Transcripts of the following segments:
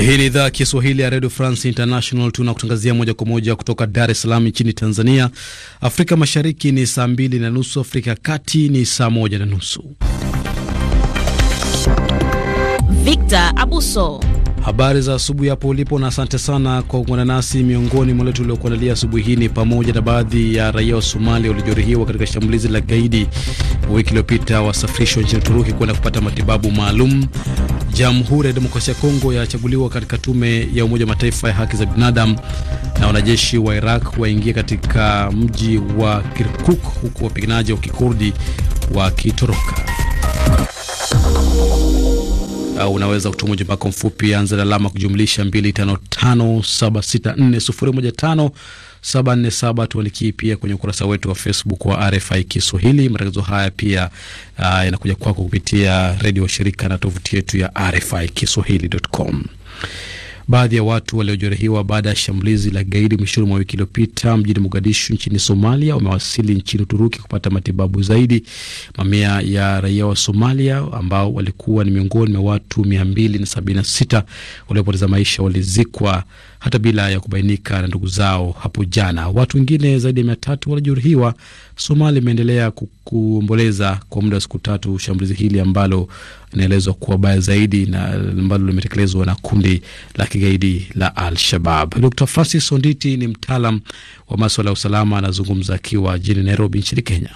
Hii ni idhaa ya Kiswahili ya redio France International. Tunakutangazia moja kwa moja kutoka Dar es Salaam nchini Tanzania. Afrika Mashariki ni saa mbili na nusu, Afrika ya Kati ni saa moja na nusu. Victor Abuso Habari za asubuhi hapo ulipo, na asante sana kwa kuungana nasi. Miongoni mwa letu uliokuandalia asubuhi hii ni pamoja na baadhi ya raia wa Somalia waliojeruhiwa katika shambulizi la kigaidi wiki iliyopita wasafirishwa nchini Uturuki kwenda kupata matibabu maalum. Jamhuri ya Demokrasia ya Kongo yachaguliwa katika tume ya Umoja wa Mataifa ya haki za binadamu, na wanajeshi wa Iraq waingia katika mji wa Kirkuk huku wapiganaji wa kikurdi wakitoroka. Uh, unaweza kutuma ujumbe wako mfupi, anza na alama kujumlisha 255764015747. Tuandikie pia kwenye ukurasa wetu wa Facebook wa RFI Kiswahili. Matangazo haya pia uh, yanakuja uh, kwako kupitia redio wa shirika na tovuti yetu ya RFI Kiswahili.com. Baadhi ya watu waliojeruhiwa baada ya shambulizi la gaidi mwishoni mwa wiki iliyopita mjini Mogadishu nchini Somalia wamewasili nchini Uturuki kupata matibabu zaidi. Mamia ya raia wa Somalia ambao walikuwa ni miongoni mwa watu 276 waliopoteza maisha walizikwa hata bila ya kubainika na ndugu zao hapo jana. Watu wengine zaidi ya mia tatu walijeruhiwa. Somalia imeendelea kuomboleza kwa muda wa siku tatu shambulizi hili ambalo inaelezwa kuwa baya zaidi na ambalo limetekelezwa na kundi la kigaidi la Al-Shabab. Dr Francis Onditi ni mtaalam wa maswala ya usalama, anazungumza akiwa jijini Nairobi nchini Kenya.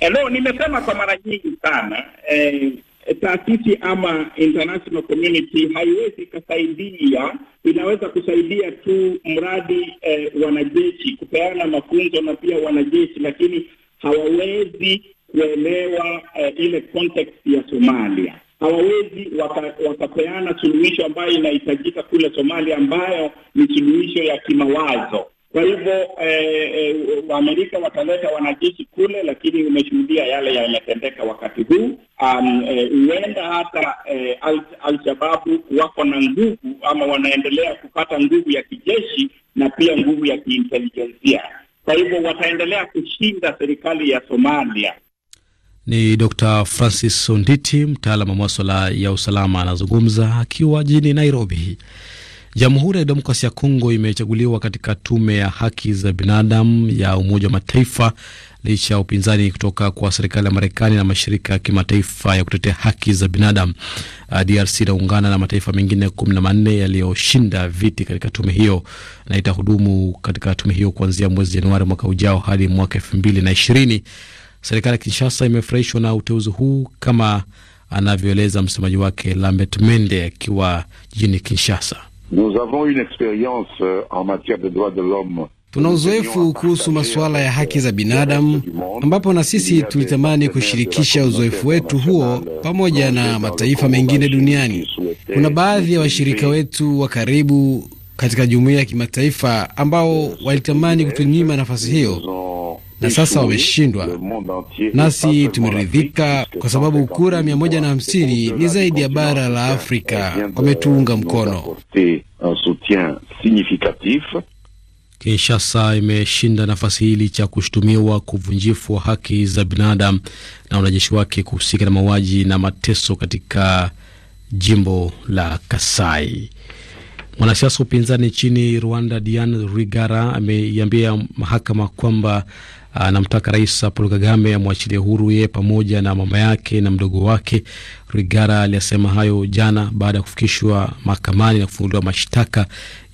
Hello, nimesema kwa mara nyingi sana eh, Eh, taasisi ama international community haiwezi ikasaidia, inaweza kusaidia tu mradi eh, wanajeshi kupeana mafunzo na pia wanajeshi, lakini hawawezi kuelewa eh, ile context ya Somalia, hawawezi waka, wakapeana suluhisho ambayo inahitajika kule Somalia, ambayo ni suluhisho ya kimawazo kwa hivyo eh, eh, Waamerika wataleta wanajeshi kule, lakini umeshuhudia yale yametendeka wakati huu. Huenda um, eh, hata eh, Alshababu wako na nguvu ama wanaendelea kupata nguvu ya kijeshi na pia nguvu ya kiintelijensia. Kwa hivyo wataendelea kushinda serikali ya Somalia. Ni Dr Francis Onditi, mtaalam wa maswala ya usalama, anazungumza akiwa jijini Nairobi. Jamhuri ya Demokrasia ya Kongo imechaguliwa katika tume ya haki za binadamu ya Umoja wa Mataifa licha ya upinzani kutoka kwa serikali ya Marekani na mashirika ya kimataifa ya kutetea haki za binadamu. Ah, DRC inaungana na mataifa mengine kumi na manne yaliyoshinda viti katika tume hiyo na itahudumu katika tume hiyo kuanzia mwezi Januari mwaka ujao hadi mwaka elfu mbili na ishirini. Serikali ya Kinshasa imefurahishwa na uteuzi huu kama anavyoeleza msemaji wake Lambert Mende akiwa jijini Kinshasa. Nous avons une expérience euh, en matière de droits de l'homme. Tuna uzoefu kuhusu masuala ya haki euh, za binadamu ambapo na sisi tulitamani kushirikisha uzoefu wetu huo pamoja na mataifa mengine duniani. Kuna baadhi ya washirika wetu wa karibu katika jumuiya ya kimataifa ambao walitamani kutunyima nafasi hiyo na sasa wameshindwa. Nasi tumeridhika kwa sababu kura mia moja na hamsini ni zaidi ya bara la Afrika wametuunga mkono. Kinshasa imeshinda nafasi hii licha ya kushutumiwa kuvunjifu wa haki za binadamu na wanajeshi wake kuhusika na mauaji na mateso katika jimbo la Kasai. Mwanasiasa upinzani nchini Rwanda Dian Rigara ameiambia mahakama kwamba Ah, anamtaka Rais Paul Kagame amwachilie huru ye pamoja na mama yake na mdogo wake. Rigara aliyasema hayo jana baada ya kufikishwa mahakamani na kufunguliwa mashtaka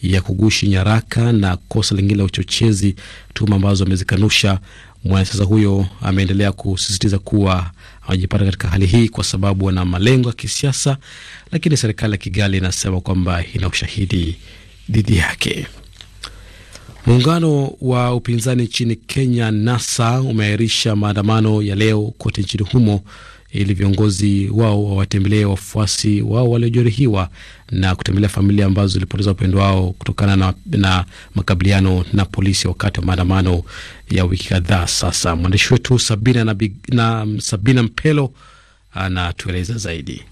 ya kugushi nyaraka na kosa lingine la uchochezi, tuhuma ambazo amezikanusha. Mwanasiasa huyo ameendelea kusisitiza kuwa amejipata katika hali hii kwa sababu ana malengo ya kisiasa, lakini serikali ya Kigali inasema kwamba ina ushahidi dhidi yake. Muungano wa upinzani nchini Kenya, NASA, umeahirisha maandamano ya leo kote nchini humo ili viongozi wao wawatembelee wafuasi wao waliojeruhiwa na kutembelea familia ambazo zilipoteza upendo wao kutokana na, na makabiliano na polisi wakati wa maandamano ya wiki kadhaa sasa. Mwandishi wetu Sabina, Sabina Mpelo anatueleza zaidi.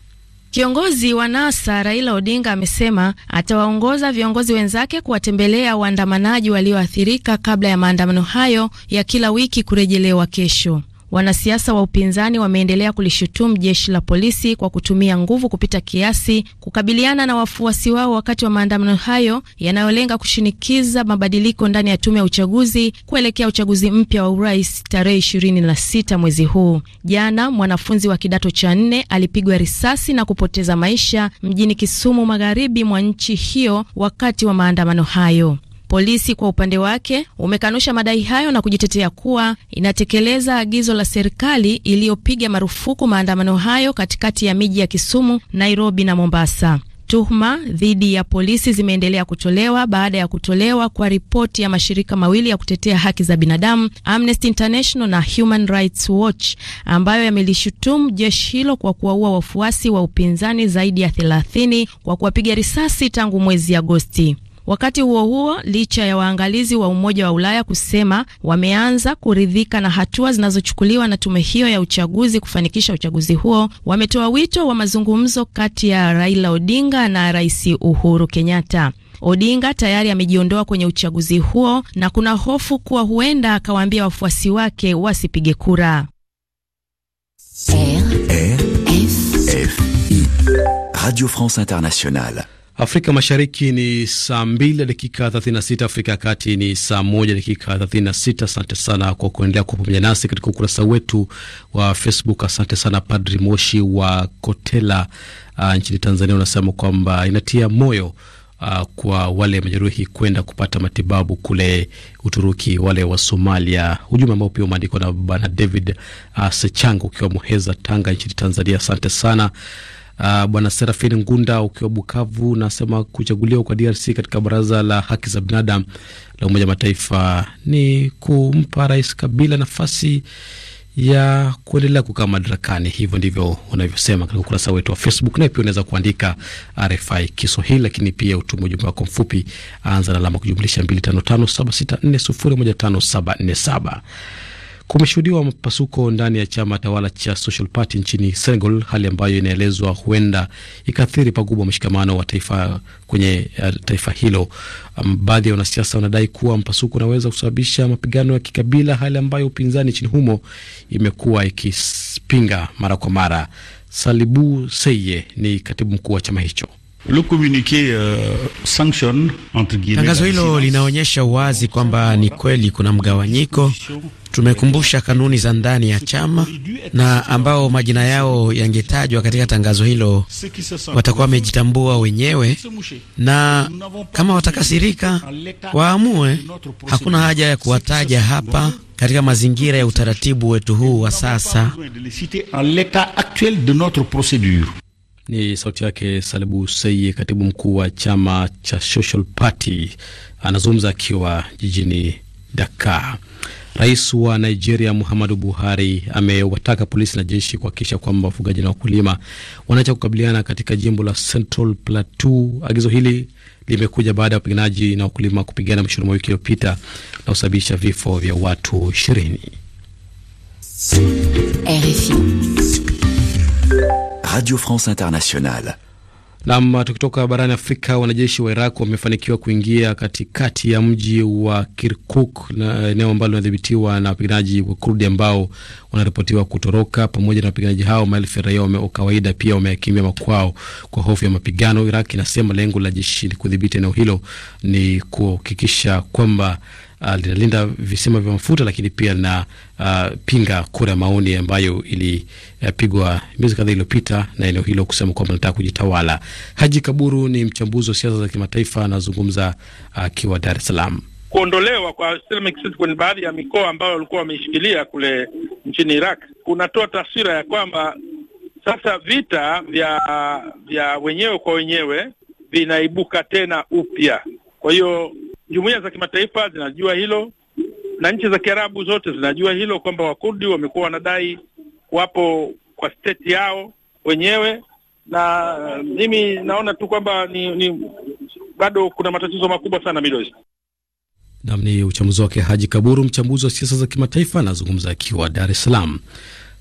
Kiongozi wa NASA Raila Odinga amesema atawaongoza viongozi wenzake kuwatembelea waandamanaji walioathirika kabla ya maandamano hayo ya kila wiki kurejelewa kesho. Wanasiasa wa upinzani wameendelea kulishutumu jeshi la polisi kwa kutumia nguvu kupita kiasi kukabiliana na wafuasi wao wakati wa maandamano hayo yanayolenga kushinikiza mabadiliko ndani ya tume ya uchaguzi kuelekea uchaguzi mpya wa urais tarehe ishirini na sita mwezi huu. Jana mwanafunzi wa kidato cha nne alipigwa risasi na kupoteza maisha mjini Kisumu, magharibi mwa nchi hiyo wakati wa maandamano hayo. Polisi kwa upande wake umekanusha madai hayo na kujitetea kuwa inatekeleza agizo la serikali iliyopiga marufuku maandamano hayo katikati ya miji ya Kisumu, Nairobi na Mombasa. Tuhuma dhidi ya polisi zimeendelea kutolewa baada ya kutolewa kwa ripoti ya mashirika mawili ya kutetea haki za binadamu, Amnesty International na Human Rights Watch, ambayo yamelishutumu jeshi hilo kwa kuwaua wafuasi wa upinzani zaidi ya 30 kwa kuwapiga risasi tangu mwezi Agosti. Wakati huo huo, licha ya waangalizi wa Umoja wa Ulaya kusema wameanza kuridhika na hatua zinazochukuliwa na tume hiyo ya uchaguzi kufanikisha uchaguzi huo, wametoa wito wa mazungumzo kati ya Raila Odinga na Rais Uhuru Kenyatta. Odinga tayari amejiondoa kwenye uchaguzi huo na kuna hofu kuwa huenda akawaambia wafuasi wake wasipige kura. Radio France Internationale. Afrika Mashariki ni saa 2 dakika 36, Afrika ya Kati ni saa 1 dakika 36. Asante sana kwa kuendelea kwa pamoja nasi katika ukurasa wetu wa Facebook. Asante sana Padri Moshi wa Kotela uh, nchini Tanzania, unasema kwamba inatia moyo uh, kwa wale majeruhi kwenda kupata matibabu kule Uturuki, wale wa Somalia. Ujumbe ambao pia umeandikwa na Bwana David uh, Sechango ukiwa Muheza, Tanga nchini Tanzania. Asante sana Uh, Bwana Serafin Ngunda ukiwa Bukavu unasema kuchaguliwa kwa DRC katika baraza la haki za binadamu la Umoja Mataifa ni kumpa Rais Kabila nafasi ya kuendelea kukaa madarakani. Hivyo ndivyo unavyosema katika ukurasa wetu wa Facebook, naye pia unaweza kuandika RFI Kiswahili, lakini pia utume ujumbe wako mfupi, anza na alama kujumlisha 255764015747. Kumeshuhudiwa mapasuko ndani ya chama tawala cha Social Party nchini Senegal, hali ambayo inaelezwa huenda ikaathiri pakubwa mshikamano wa taifa kwenye eh, taifa hilo. Um, baadhi ya wanasiasa wanadai kuwa mpasuko unaweza kusababisha mapigano ya kikabila, hali ambayo upinzani nchini humo imekuwa ikipinga mara kwa mara. Salibu Seye ni katibu mkuu wa chama hicho. Euh, Tangazo hilo linaonyesha wazi kwamba ni kweli kuna mgawanyiko Tumekumbusha kanuni za ndani ya chama na ambao majina yao yangetajwa katika tangazo hilo watakuwa wamejitambua wenyewe, na kama watakasirika waamue. Hakuna haja ya kuwataja hapa katika mazingira ya utaratibu wetu huu wa sasa. Ni sauti yake Salibu Sei, katibu mkuu wa chama cha Social Party, anazungumza akiwa jijini Dakar. Rais wa Nigeria Muhammadu Buhari amewataka polisi na jeshi kuhakikisha kwamba wafugaji na wakulima wanaacha kukabiliana katika jimbo la Central Plateau. Agizo hili limekuja baada ya wapiganaji na wakulima kupigana mwishoni mwa wiki iliyopita na kusababisha vifo vya watu ishirini. Radio France Internationale Nam, tukitoka barani Afrika, wanajeshi wa Iraq wamefanikiwa kuingia katikati ya mji wa Kirkuk na eneo ambalo linadhibitiwa na wapiganaji wa Kurdi ambao wanaripotiwa kutoroka. Pamoja na wapiganaji hao, maelfu ya raia wa kawaida pia wameakimbia makwao kwa hofu ya mapigano. Iraq inasema lengo la jeshi kudhibiti eneo hilo ni kuhakikisha kwamba Ah, linalinda visima vya mafuta, lakini pia linapinga ah, uh, kura ya maoni ambayo ilipigwa uh, miezi kadhaa iliyopita na eneo hilo kusema kwamba linataka kujitawala. Haji Kaburu ni mchambuzi wa siasa za kimataifa, anazungumza ah, akiwa uh, Dar es Salaam. Kuondolewa kwa Islamic State kwenye baadhi ya mikoa ambayo walikuwa wameishikilia kule nchini Iraq kunatoa taswira ya kwamba sasa vita vya vya wenyewe kwa wenyewe vinaibuka tena upya. Kwa hiyo jumuiya za kimataifa zinajua hilo na nchi za Kiarabu zote zinajua hilo kwamba Wakurdi wamekuwa wanadai wapo kwa state yao wenyewe, na uh, mimi naona tu kwamba ni, ni bado kuna matatizo makubwa sana Middle East. Nam ni uchambuzi wake Haji Kaburu, mchambuzi wa siasa za kimataifa, anazungumza akiwa Dar es Salaam.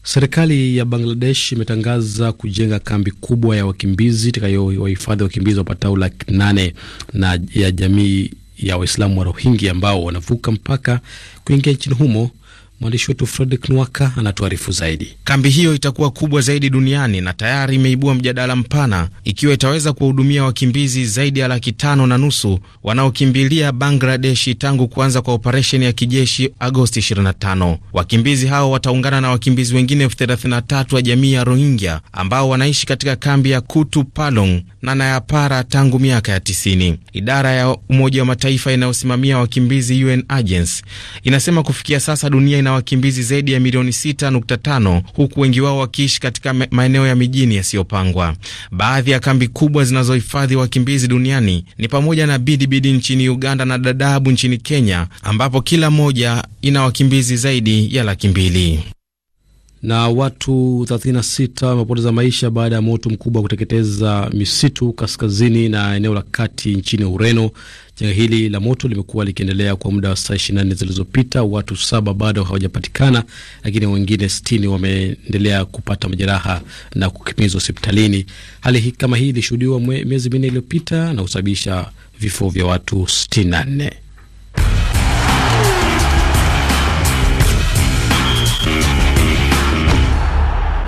Serikali ya Bangladesh imetangaza kujenga kambi kubwa ya wakimbizi itakayowahifadhi wakimbizi wapatao laki nane na ya jamii ya Waislamu wa Rohingya ambao wanavuka mpaka kuingia nchini humo Mwandishi wetu Fredrick Nwaka anatuarifu zaidi. Kambi hiyo itakuwa kubwa zaidi duniani na tayari imeibua mjadala mpana ikiwa itaweza kuwahudumia wakimbizi zaidi ya laki tano na nusu wanaokimbilia Bangladeshi tangu kuanza kwa operesheni ya kijeshi Agosti 25. Wakimbizi hao wataungana na wakimbizi wengine elfu wa jamii ya Rohingya ambao wanaishi katika kambi ya Kutu Palong na Nayapara tangu miaka ya 90. Idara ya Umoja wa Mataifa inayosimamia wakimbizi UN Agency inasema kufikia sasa dunia ina na wakimbizi zaidi ya milioni 6.5 huku wengi wao wakiishi katika maeneo ya mijini yasiyopangwa. Baadhi ya kambi kubwa zinazohifadhi wakimbizi duniani ni pamoja na Bidibidi nchini Uganda na dadabu nchini Kenya, ambapo kila moja ina wakimbizi zaidi ya laki mbili na watu 36 wamepoteza maisha baada ya moto mkubwa wa kuteketeza misitu kaskazini na eneo la kati nchini Ureno. Janga hili la moto limekuwa likiendelea kwa muda wa saa 24 zilizopita. Watu saba bado hawajapatikana, lakini wengine 60 wameendelea kupata majeraha na kukimbizwa hospitalini. Hali hii kama hii ilishuhudiwa miezi minne iliyopita na kusababisha vifo vya watu 64.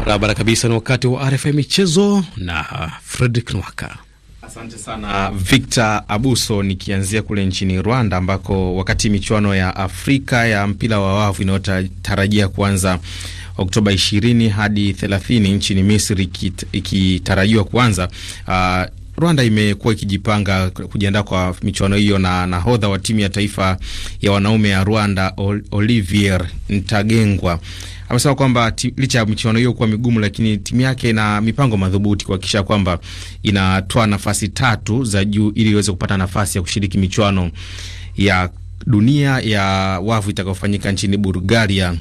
Barabara kabisa. Ni wakati wa RFI michezo na Fredrik Nwaka. Asante sana Victor Abuso, nikianzia kule nchini Rwanda ambako wakati michuano ya Afrika ya mpira wa wavu inayotarajia kuanza Oktoba 20 hadi 30 nchini Misri ikitarajiwa kuanza uh, Rwanda imekuwa ikijipanga kujiandaa kwa michuano hiyo na nahodha wa timu ya taifa ya wanaume ya Rwanda Olivier Ntagengwa amesema kwamba licha ya michuano hiyo kuwa migumu, lakini timu yake ina mipango madhubuti kuhakikisha kwamba inatoa nafasi tatu za juu ili iweze kupata nafasi ya kushiriki michuano ya dunia ya wavu itakayofanyika nchini Bulgaria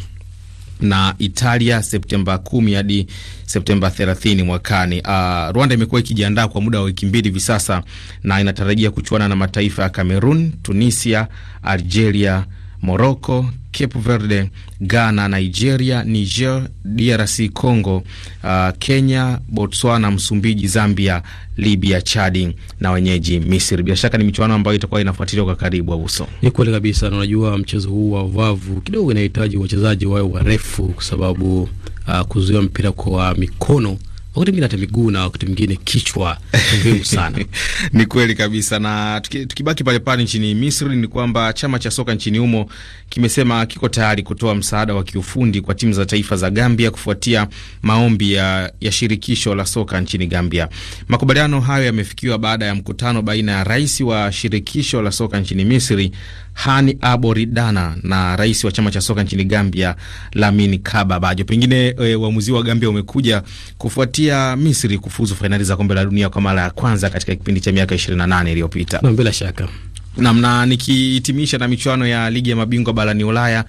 na Italia Septemba 10 hadi Septemba 30 mwakani. Uh, Rwanda imekuwa ikijiandaa kwa muda wa wiki mbili hivi sasa na inatarajia kuchuana na mataifa ya Cameroon, Tunisia, Algeria Morocco, Cape Verde, Ghana, Nigeria, Niger, DRC Congo, uh, Kenya, Botswana, Msumbiji, Zambia, Libya, Chadi na wenyeji Misri. Bila shaka ni michuano ambayo itakuwa inafuatiliwa kwa karibu abuso. Ni kweli kabisa, na unajua mchezo huu wa wavu kidogo inahitaji wachezaji wawe warefu kwa sababu uh, kuzuia mpira kwa mikono wakati mwingine hata miguu na wakati mwingine kichwa muhimu sana. Ni kweli kabisa. Na tukibaki pale pale nchini Misri, ni kwamba chama cha soka nchini humo kimesema kiko tayari kutoa msaada wa kiufundi kwa timu za taifa za Gambia kufuatia maombi ya, ya shirikisho la soka nchini Gambia. Makubaliano hayo yamefikiwa baada ya mkutano baina ya rais wa shirikisho la soka nchini Misri Hani Aboridana na rais wa chama cha soka nchini Gambia lamin Kaba Bajo. Pengine e, uamuzi wa Gambia umekuja kufuatia Misri kufuzu fainali za kombe la dunia kwa mara ya kwanza katika kipindi cha miaka 28 iliyopita. Na bila shaka namna nikihitimisha na michuano ya ligi ya mabingwa barani Ulaya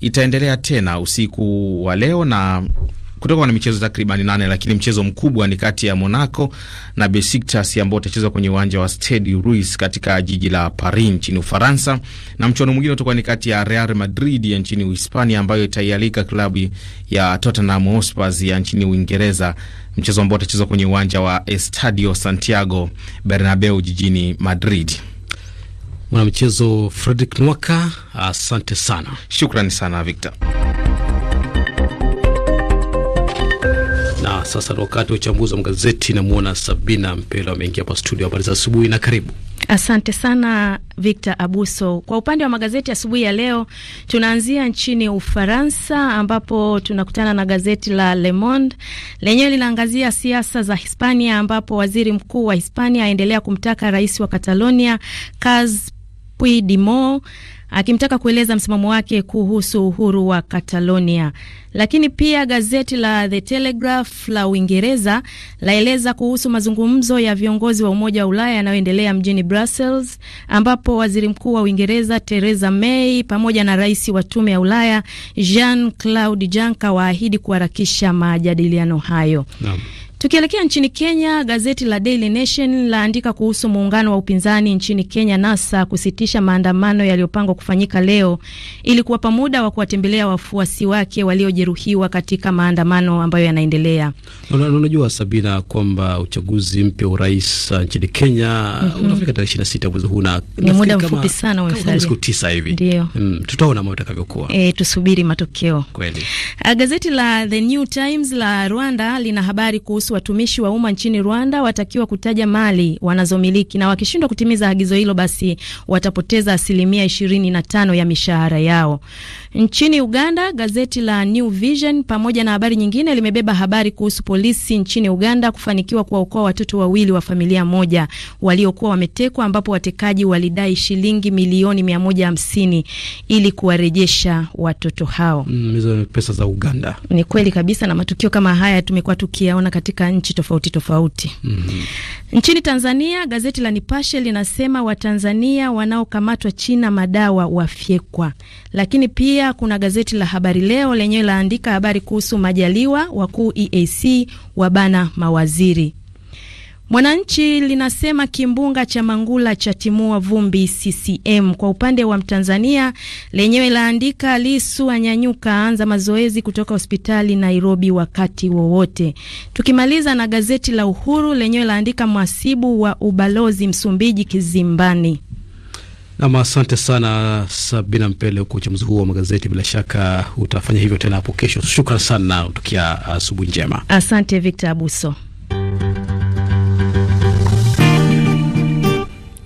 itaendelea tena usiku wa leo na kutakuwa na michezo takriban nane, lakini mchezo mkubwa ni kati ya Monaco na Besiktas ambao utachezwa kwenye uwanja wa Stade Louis katika jiji la Paris nchini Ufaransa, na mchuano mwingine utakuwa ni kati ya Real Madrid ya nchini Uhispania ambayo itaialika klabu ya Tottenham Hotspur ya nchini Uingereza, mchezo ambao utachezwa kwenye uwanja wa Estadio Santiago Bernabeu jijini Madrid. Mwanamchezo Fredrick Nwaka, asante sana. Shukrani sana Victor. sasa ni wakati wa uchambuzi wa magazeti. Namwona Sabina Mpelo ameingia hapa studio. Habari za asubuhi na karibu. Asante sana Victor Abuso. Kwa upande wa magazeti asubuhi ya, ya leo tunaanzia nchini Ufaransa ambapo tunakutana na gazeti la Le Monde. Lenyewe linaangazia siasa za Hispania ambapo waziri mkuu wa Hispania aendelea kumtaka rais wa Catalonia Carles Puigdemont akimtaka kueleza msimamo wake kuhusu uhuru wa Catalonia. Lakini pia gazeti la The Telegraph la Uingereza laeleza kuhusu mazungumzo ya viongozi wa Umoja wa Ulaya yanayoendelea mjini Brussels, ambapo waziri mkuu wa Uingereza Theresa May pamoja na rais wa Tume ya Ulaya Jean Claude Juncker waahidi kuharakisha majadiliano hayo Naam. Tukielekea nchini Kenya, gazeti la Daily Nation laandika kuhusu muungano wa upinzani nchini Kenya, NASA, kusitisha maandamano yaliyopangwa kufanyika leo ili kuwapa muda wa kuwatembelea wafuasi wake waliojeruhiwa katika maandamano ambayo yanaendelea. Unajua Sabina, kwamba uchaguzi mpya wa urais uh, nchini Kenya mhm. unafika tarehe unafika na sita mwezi huu, ni muda mfupi sana umesalia, siku tisa hivi. Ndio mm, tutaona mambo itakavyokuwa. E, eh, tusubiri matokeo kweli. Uh, gazeti la The New Times la Rwanda lina habari kuhusu watumishi wa umma nchini Rwanda watakiwa kutaja mali wanazomiliki na wakishindwa kutimiza agizo hilo, basi watapoteza asilimia 25 ya mishahara yao. Nchini Uganda, gazeti la New Vision pamoja na habari nyingine limebeba habari kuhusu polisi nchini Uganda kufanikiwa kuwaokoa watoto wawili wa familia moja waliokuwa wametekwa, ambapo watekaji walidai shilingi milioni 150 ili kuwarejesha watoto hao. Mm, hizo pesa za Uganda. Ni kweli kabisa, na matukio kama haya tumekuwa tukiyaona katika katika nchi tofauti tofauti. mm -hmm. Nchini Tanzania gazeti la Nipashe linasema Watanzania wanaokamatwa China madawa wafyekwa, lakini pia kuna gazeti la Habari Leo lenyewe laandika habari kuhusu Majaliwa wakuu EAC wabana mawaziri. Mwananchi linasema kimbunga cha Mangula cha timua vumbi CCM. Kwa upande wa Mtanzania lenyewe laandika Lisu anyanyuka, anza mazoezi kutoka hospitali Nairobi wakati wowote. Tukimaliza na gazeti la Uhuru lenyewe laandika mwasibu wa ubalozi Msumbiji kizimbani. Nam, asante sana Sabina Mpele kwa uchambuzi huo wa magazeti. Bila shaka utafanya hivyo tena hapo kesho. Shukran sana, tukia asubuhi njema. Asante Victor Abuso.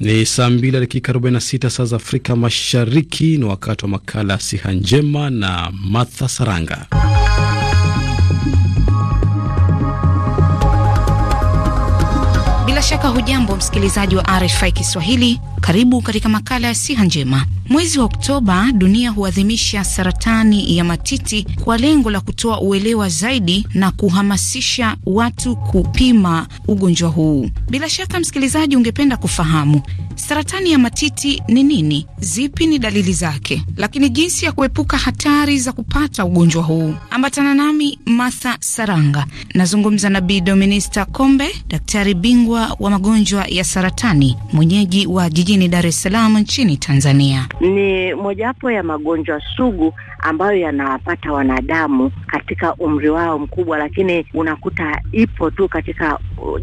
Ni saa mbili ya dakika 46 saa za Afrika Mashariki. Ni wakati wa makala Siha Njema na Martha Saranga. shaka hujambo msikilizaji wa RFI Kiswahili. Karibu katika makala ya siha njema. Mwezi wa Oktoba dunia huadhimisha saratani ya matiti kwa lengo la kutoa uelewa zaidi na kuhamasisha watu kupima ugonjwa huu. Bila shaka, msikilizaji, ungependa kufahamu saratani ya matiti ni nini, zipi ni dalili zake, lakini jinsi ya kuepuka hatari za kupata ugonjwa huu. Ambatana nami Martha Saranga, nazungumza na Bi Dominista Kombe, daktari bingwa wa magonjwa ya saratani, mwenyeji wa jijini Dar es Salaam nchini Tanzania. Ni mojawapo ya magonjwa sugu ambayo yanawapata wanadamu katika umri wao mkubwa, lakini unakuta ipo tu katika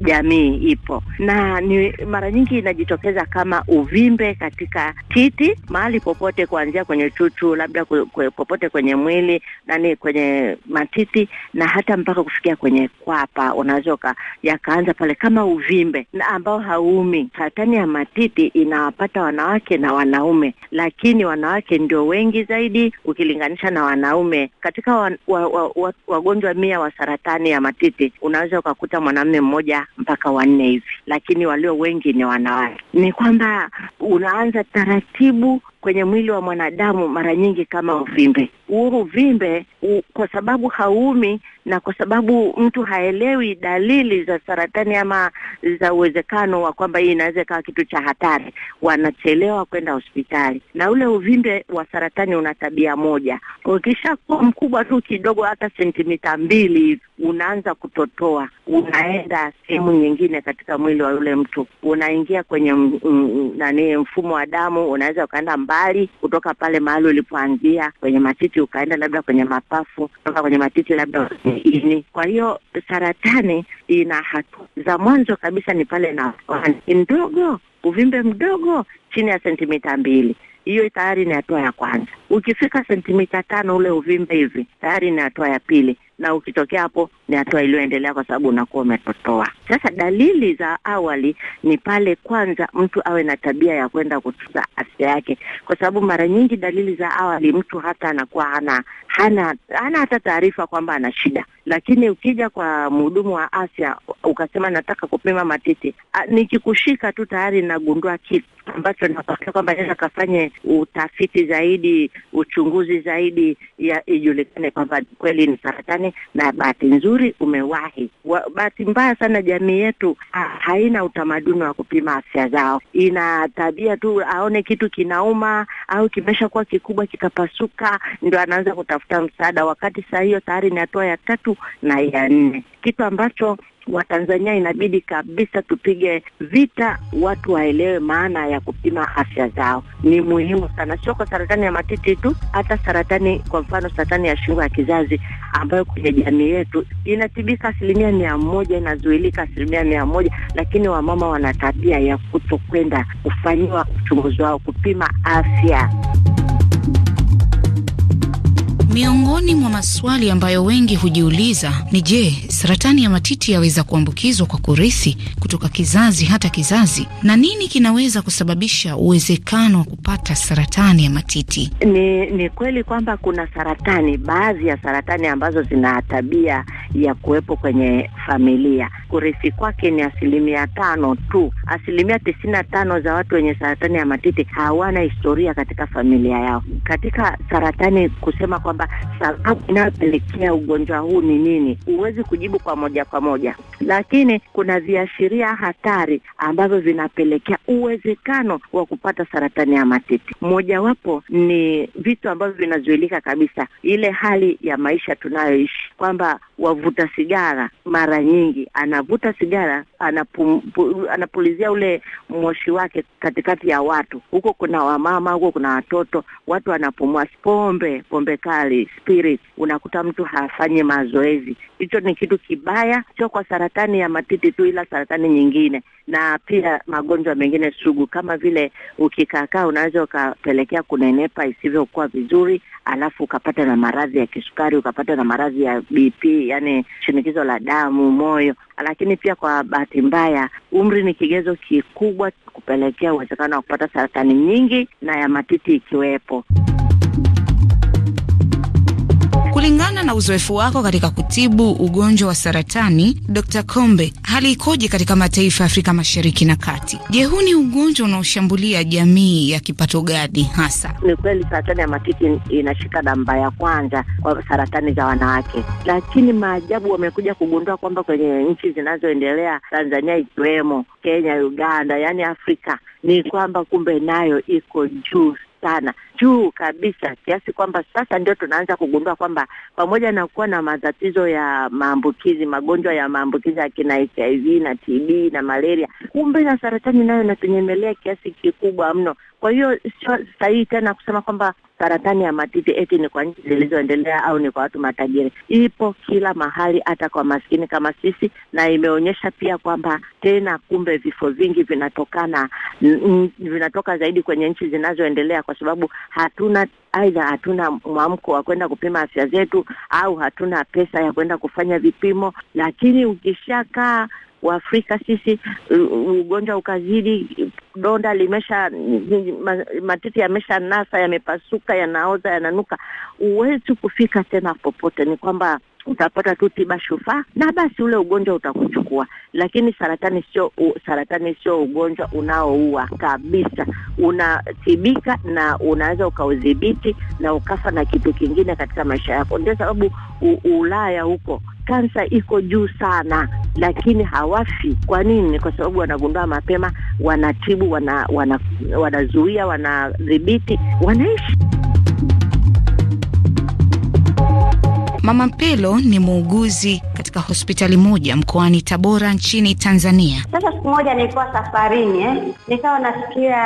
jamii ipo na ni mara nyingi inajitokeza kama uvimbe katika titi, mahali popote, kuanzia kwenye chuchu, labda kwe, kwe, popote kwenye mwili nani, kwenye matiti na hata mpaka kufikia kwenye kwapa, unaweza yakaanza pale kama uvimbe na ambao haumi. Saratani ya matiti inawapata wanawake na wanaume, lakini wanawake ndio wengi zaidi ukilinganisha na wanaume. Katika wa, wa, wa, wa, wagonjwa mia wa saratani ya matiti unaweza ukakuta mwanamume mmoja mmoja mpaka wanne hivi, lakini walio wengi ni wanawake. Ni kwamba unaanza taratibu kwenye mwili wa mwanadamu mara nyingi kama uvimbe. Huu uvimbe kwa sababu hauumi na kwa sababu mtu haelewi dalili za saratani ama za uwezekano wa kwamba hii inaweza ikawa kitu cha hatari, wanachelewa kwenda hospitali. Na ule uvimbe wa saratani una tabia moja, ukishakuwa mkubwa tu kidogo, hata sentimita mbili unaanza kutotoa, unaenda sehemu nyingine katika mwili wa yule mtu, unaingia kwenye nani, mfumo wa damu, unaweza ukaenda mbali mbali kutoka pale mahali ulipoanzia kwenye matiti, ukaenda labda kwenye mapafu, kutoka kwenye matiti labda kwenye ini. Kwa hiyo saratani ina hatua za mwanzo kabisa, ni pale na ndogo, uvimbe mdogo chini ya sentimita mbili hiyo tayari ni hatua ya kwanza. Ukifika sentimita tano ule uvimbe hivi, tayari ni hatua ya pili na ukitokea hapo ni hatua iliyoendelea, kwa sababu unakuwa umetotoa. Sasa dalili za awali ni pale, kwanza mtu awe na tabia ya kwenda kutunza afya yake, kwa sababu mara nyingi dalili za awali mtu hata anakuwa hana hana hana hata taarifa kwamba ana shida, lakini ukija kwa mhudumu wa afya ukasema nataka kupima matiti, nikikushika tu tayari nagundua kitu ambacho nakaa kwamba naweza kafanye utafiti zaidi, uchunguzi zaidi, ya ijulikane kwamba kweli ni saratani nane, na bahati nzuri umewahi. Bahati mbaya sana, jamii yetu ha, haina utamaduni wa kupima afya zao. Ina tabia tu aone kitu kinauma au kimeshakuwa kikubwa kikapasuka, ndio anaanza kutafuta msaada, wakati saa hiyo tayari ni hatua ya tatu na ya nne, kitu ambacho Watanzania inabidi kabisa tupige vita, watu waelewe maana ya kupima afya zao, ni muhimu sana, sio kwa saratani ya matiti tu, hata saratani, kwa mfano saratani ya shingo ya kizazi ambayo kwenye jamii yetu inatibika asilimia mia moja, inazuilika asilimia mia moja, lakini wamama wana tabia ya kutokwenda kufanyiwa uchunguzi wao, kupima afya. Miongoni mwa maswali ambayo wengi hujiuliza ni je, saratani ya matiti yaweza kuambukizwa kwa kurithi kutoka kizazi hata kizazi, na nini kinaweza kusababisha uwezekano wa kupata saratani ya matiti? Ni, ni kweli kwamba kuna saratani, baadhi ya saratani ambazo zina tabia ya kuwepo kwenye familia. Kurithi kwake ni asilimia tano tu. Asilimia tisini na tano za watu wenye saratani ya matiti hawana historia katika familia yao. Katika saratani kusema kwamba kwamba sababu inayopelekea ugonjwa huu ni nini, huwezi kujibu kwa moja kwa moja, lakini kuna viashiria hatari ambavyo vinapelekea uwezekano wa kupata saratani ya matiti. Mojawapo ni vitu ambavyo vinazuilika kabisa, ile hali ya maisha tunayoishi, kwamba wavuta sigara mara nyingi anavuta sigara anapum, pu, anapulizia ule moshi wake katikati ya watu. Huko kuna wamama, huko kuna watoto, watu wanapumua. Pombe, pombe kali, spirit, unakuta mtu hafanyi mazoezi. Hicho ni kitu kibaya, sio kwa saratani ya matiti tu, ila saratani nyingine na pia magonjwa mengine sugu kama vile ukikaakaa unaweza ukapelekea kunenepa isivyokuwa vizuri, alafu ukapata na maradhi ya kisukari, ukapata na maradhi ya BP yani shinikizo la damu, moyo. Lakini pia kwa bahati mbaya, umri ni kigezo kikubwa kupelekea uwezekano wa kupata saratani nyingi na ya matiti ikiwepo. Kulingana na uzoefu wako katika kutibu ugonjwa wa saratani, Dr. Kombe, hali ikoje katika mataifa ya Afrika Mashariki na Kati? Je, huu ni ugonjwa unaoshambulia jamii ya kipato gani hasa? Ni kweli saratani ya matiti inashika namba ya kwanza kwa saratani za wanawake, lakini maajabu wamekuja kugundua kwamba kwenye nchi zinazoendelea, Tanzania ikiwemo, Kenya, Uganda, yaani Afrika, ni kwamba kumbe nayo iko juu sana juu kabisa, kiasi kwamba sasa ndio tunaanza kugundua kwamba pamoja na kuwa na matatizo ya maambukizi, magonjwa ya maambukizi akina HIV na TB na malaria, kumbe na saratani nayo inatunyemelea kiasi kikubwa mno. Kwa hiyo sio sahihi tena kusema kwamba saratani ya matiti eti ni kwa nchi zilizoendelea au ni kwa watu matajiri. Ipo kila mahali, hata kwa maskini kama sisi, na imeonyesha pia kwamba tena, kumbe vifo vingi vinatokana vinatoka zaidi kwenye nchi zinazoendelea, kwa sababu hatuna aidha, hatuna mwamko wa kwenda kupima afya zetu, au hatuna pesa ya kwenda kufanya vipimo. Lakini ukishakaa Waafrika sisi ugonjwa ukazidi, donda limesha, matiti yamesha nasa, yamepasuka, yanaoza, yananuka, huwezi kufika tena popote. Ni kwamba utapata tu tiba shufaa na basi, ule ugonjwa utakuchukua. Lakini saratani sio saratani sio ugonjwa unaoua kabisa, unatibika na unaweza ukaudhibiti na ukafa na kitu kingine katika maisha yako. Ndio sababu Ulaya huko kansa iko juu sana, lakini hawafi. Kwa nini? Kwa sababu wanagundua mapema, wanatibu, wana, wana, wanazuia, wanadhibiti, wanaishi. Mama Mpelo ni muuguzi katika hospitali moja mkoani Tabora nchini Tanzania. Sasa siku moja nilikuwa safarini eh, nikawa nasikia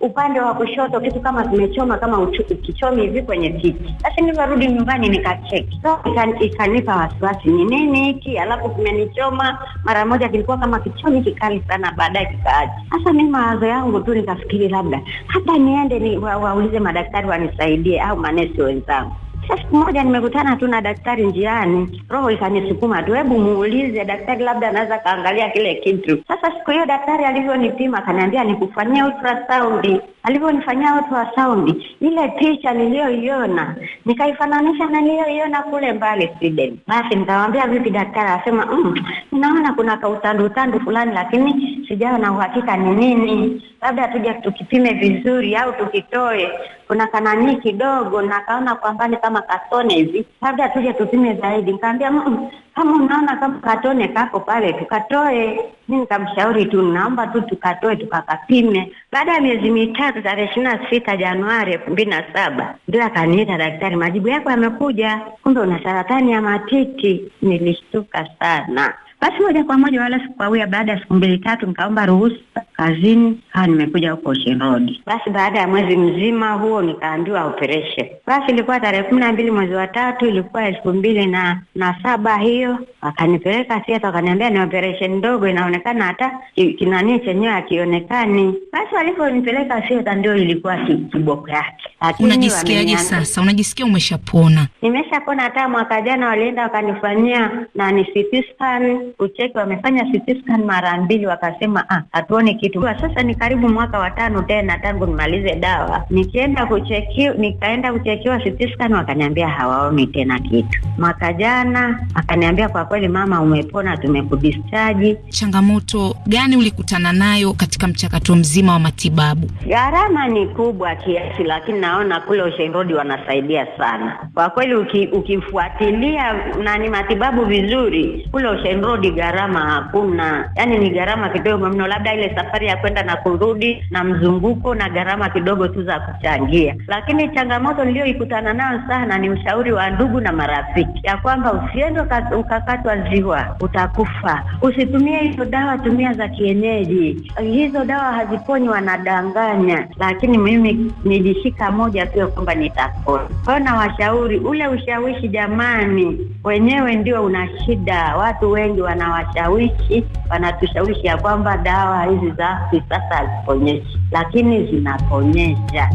upande wa kushoto kitu kama kimechoma kama kichomi hivi kwenye kiti. Sasa nilivyorudi nyumbani nikacheki, so ikanipa wasiwasi, ni nini hiki? Alafu kimenichoma mara moja, kilikuwa kama kichomi kikali sana, baadaye kikaaji. Sasa mi mawazo yangu tu nikafikiri labda hata niende ni waulize madaktari wanisaidie au manesi wenzangu Siku moja nimekutana tu na daktari njiani, roho ikanisukuma tu, hebu muulize daktari, labda anaweza kaangalia kile kitu. Sasa siku hiyo daktari alivyonipima akaniambia nikufanyia ultrasound. Alivyonifanyia ultrasound, ile picha niliyoiona nikaifananisha na niliyoiona kule mbali Sweden. Basi nikamwambia vipi daktari, asema mm, ninaona kuna kautandu fulani, lakini sijawa na uhakika ni nini, labda tuja tukipime vizuri au tukitoe kuna kananii kidogo, na kaona kwa mbali kama katone hivi, labda tuje tupime zaidi. Nikaambia mm, kama unaona kama katone kako pale tukatoe. Mi nikamshauri tu, naomba tu tukatoe tukakapime. Baada ya miezi mitatu, tarehe ishirini na sita Januari elfu mbili na saba ndio akaniita daktari, majibu yako yamekuja, kumbe una saratani ya matiti. Nilishtuka sana. Basi moja kwa moja wala sikuwawia. Baada ya siku mbili tatu, nikaomba ruhusa kazini, kaa nimekuja huko Ocean Road. Basi baada ya mwezi mzima huo nikaambiwa operation. Basi ilikuwa tarehe kumi na mbili mwezi wa tatu, ilikuwa elfu mbili na na saba hiyo. Wakanipeleka siata, wakaniambia ni operation ndogo, inaonekana hata kinanii chenyewe hakionekani. Basi walivyonipeleka siata, ndio ilikuwa kiboko yake. Unajisikiaje sasa? Unajisikia umeshapona? Nimeshapona. Hata mwaka jana walienda wakanifanyia na CT scan kucheki, wamefanya CT scan mara mbili wakasema ah, hatuoni kitu. Kwa sasa ni karibu mwaka wa tano tena tangu nimalize dawa, nikienda kucheki, nikaenda kuchekiwa CT scan wakaniambia hawaoni tena kitu. Mwaka jana akaniambia kwa kweli, mama, umepona, tumekudischarge. Changamoto gani ulikutana nayo katika mchakato mzima wa matibabu? Gharama ni kubwa kiasi, lakini naona kule Ocean Road wanasaidia sana kwa kweli, ukifuatilia uki nani matibabu vizuri kule Ocean Road kurudi gharama hakuna, yani ni gharama kidogo mno, labda ile safari ya kwenda na kurudi na mzunguko na gharama kidogo tu za kuchangia. Lakini changamoto niliyoikutana nayo sana ni ushauri wa ndugu na marafiki ya kwamba usiende ukakatwa ziwa, utakufa. Usitumie hizo dawa, tumia za kienyeji. Hizo dawa haziponyi, wanadanganya. Lakini mimi nilishika moja tu kwamba nitapona. Kwa hiyo nawashauri, ule ushawishi jamani, wenyewe ndio una shida, watu wengi wanawashawishi, wanatushawishi ya kwamba dawa hizi za kisasa haziponyeshi, lakini zinaponyesha.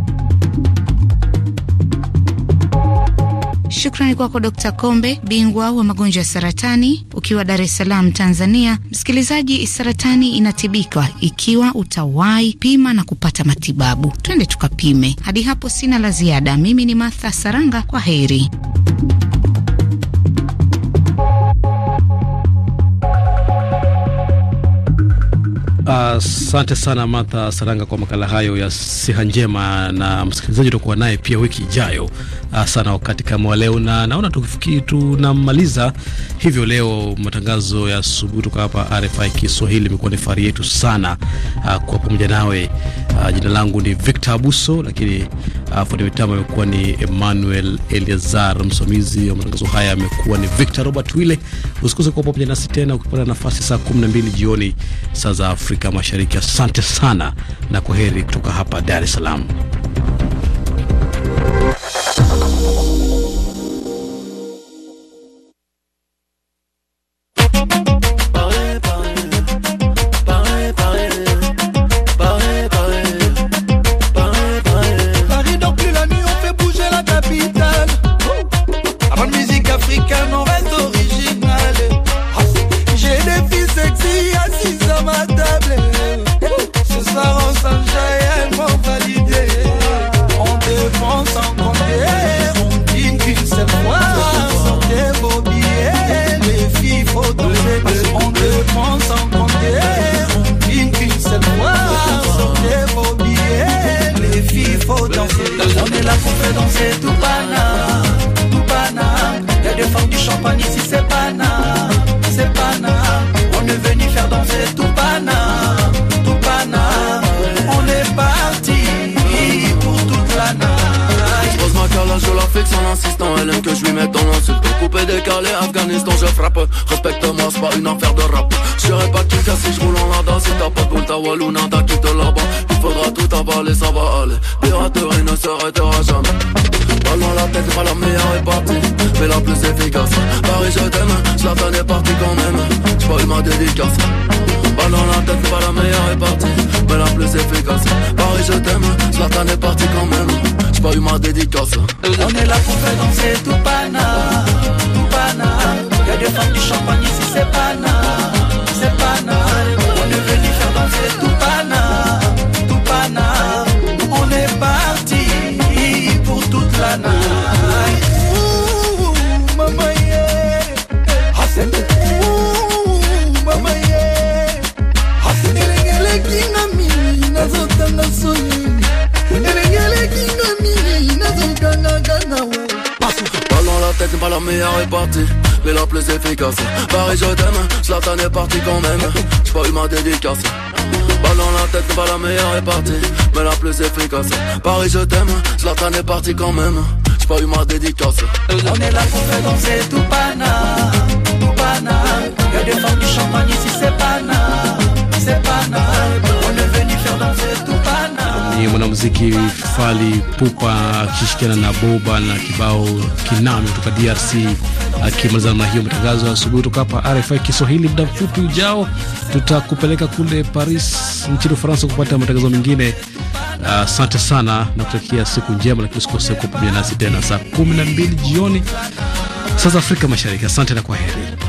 Shukrani kwako Dkt Kombe, bingwa wa magonjwa ya saratani, ukiwa Dar es Salaam, Tanzania. Msikilizaji, saratani inatibika ikiwa utawahi pima na kupata matibabu. Twende tukapime. Hadi hapo sina la ziada. Mimi ni Martha Saranga, kwa heri. Asante uh, sana Martha Saranga kwa makala hayo ya siha njema, na msikilizaji utakuwa naye pia wiki ijayo Ah, sana wakati kama wa leo, na naona tunamaliza hivyo leo matangazo ya asubuhi kutoka hapa RFI Kiswahili. Imekuwa ni fahari yetu sana uh, ah, kwa pamoja nawe. Uh, jina langu ni Victor Abuso, lakini uh, fundi mitambo amekuwa ni Emmanuel Eliazar, msimamizi wa matangazo haya amekuwa ni Victor Robert Wile. Usikose kuwa pamoja nasi tena ukipata nafasi saa 12 jioni saa za Afrika Mashariki. Asante sana na kwa heri kutoka hapa Dar es Salaam. thank you dans l'insulte Coupé, décalé, Afghanistan, je frappe Respecte-moi, c'est pas une affaire de rap J'serai pas qui si je roule en lada Si t'as pas de boule, ta Waluna, t'as quitté là-bas Il faudra tout avaler, ça va aller Piraterie ne s'arrêtera jamais Pas loin la tête, pas la meilleure est partie Mais la plus efficace Paris, je t'aime, Zlatan est parti quand même pas eu ma dédicace Pas loin la tête, pas la meilleure est partie Mais la plus efficace Paris, je t'aime, Zlatan est parti quand même on est là pour faire danser tout pana, tout pana. Y'a des femmes qui champagne ici, c'est pana, c'est pana. On est venu faire danser tout pana, tout pana. On est parti pour toute la nuit. tête n'est pas la meilleure répartie Mais la plus efficace Paris je t'aime, Slatan est parti quand même J'ai pas eu ma dédicace Balle dans la tête n'est pas la meilleure répartie Mais la plus efficace Paris je t'aime, Slatan est parti quand même J'ai pas eu ma dédicace On est là pour faire danser tout pana Tout pana Y'a des femmes du champagne ici c'est pana C'est ni mwanamuziki Fali Pupa akishirikiana na Boba na kibao Kinami kutoka DRC, akimaliza namna hiyo matangazo asubuhi kutoka hapa RFI Kiswahili. Muda mfupi ujao, tutakupeleka kule Paris nchini Ufaransa kupata matangazo mengine. Asante uh, sana na kutakia siku njema, lakini usikose kuwa pamoja nasi tena saa 12 jioni saa za Afrika Mashariki. Asante na kwa heri.